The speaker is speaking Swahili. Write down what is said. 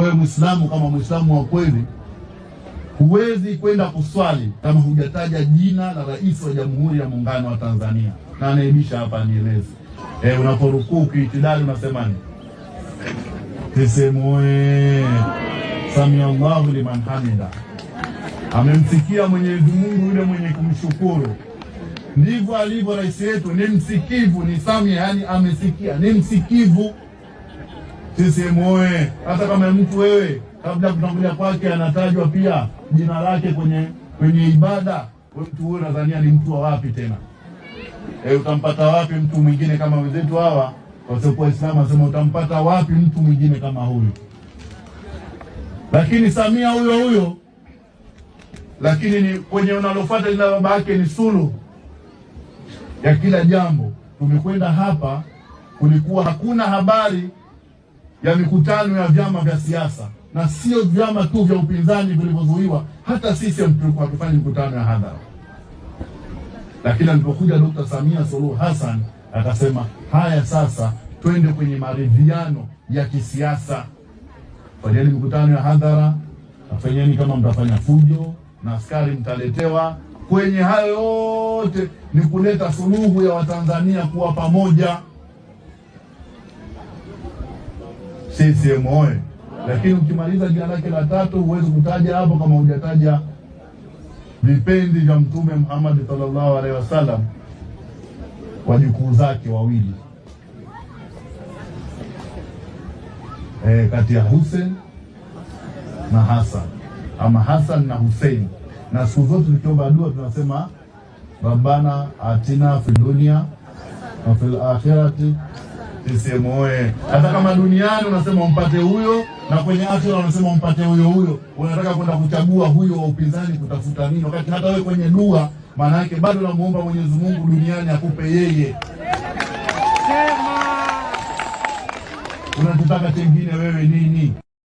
Kwa hiyo Mwislamu, kama Mwislamu wa kweli, huwezi kwenda kuswali kama hujataja jina la Rais wa Jamhuri ya Muungano wa Tanzania na anaibisha hapa nieleze. eh, unaporukuu kiitidali unasemani Sisemuye samia Allahu liman hamida, amemsikia Mwenyezi Mungu yule mwenye kumshukuru. Ndivyo alivyo rais wetu, ni msikivu. Ni samia, yani amesikia, ni msikivu. CCM oye! Hata kama mtu wewe kabla kutangulia kwake anatajwa pia jina lake kwenye kwenye ibada, mtu huyo nadhania ni mtu wa wapi tena? E, utampata wapi mtu mwingine kama wenzetu hawa wasiokuwa Waislamu? Asema utampata wapi mtu mwingine kama huyu? Lakini Samia huyo huyo, lakini ni kwenye unalofuata lina baba yake ni sulu ya kila jambo. Tumekwenda hapa, kulikuwa hakuna habari ya mikutano ya vyama vya siasa, na sio vyama tu vya upinzani vilivyozuiwa, hata sisi tulikuwa tufanye mikutano ya hadhara. Lakini alipokuja Dr. Samia Suluhu Hassan akasema, haya sasa twende kwenye maridhiano ya kisiasa, fanyeni mikutano ya hadhara, afanyeni kama mtafanya fujo na askari mtaletewa. Kwenye hayo yote ni kuleta suluhu ya Watanzania kuwa pamoja. CCM oye! Lakini ukimaliza jina lake la tatu huwezi kutaja hapo kama hujataja vipenzi vya Mtume Muhammad sallallahu alaihi wasallam, wajukuu zake wawili e, kati ya Hussein na Hassan ama Hassan na Hussein. Na siku zote tukiomba dua tunasema rabbana atina fi dunya wa fil akhirati CCM oye! Hata kama duniani unasema umpate huyo, na kwenye afya unasema umpate huyo huyo, unataka kwenda kuchagua huyo wa upinzani kutafuta nini, wakati hata wewe kwenye dua, maana yake bado namuomba Mwenyezi Mungu duniani akupe yeye unatutaka chengine wewe nini?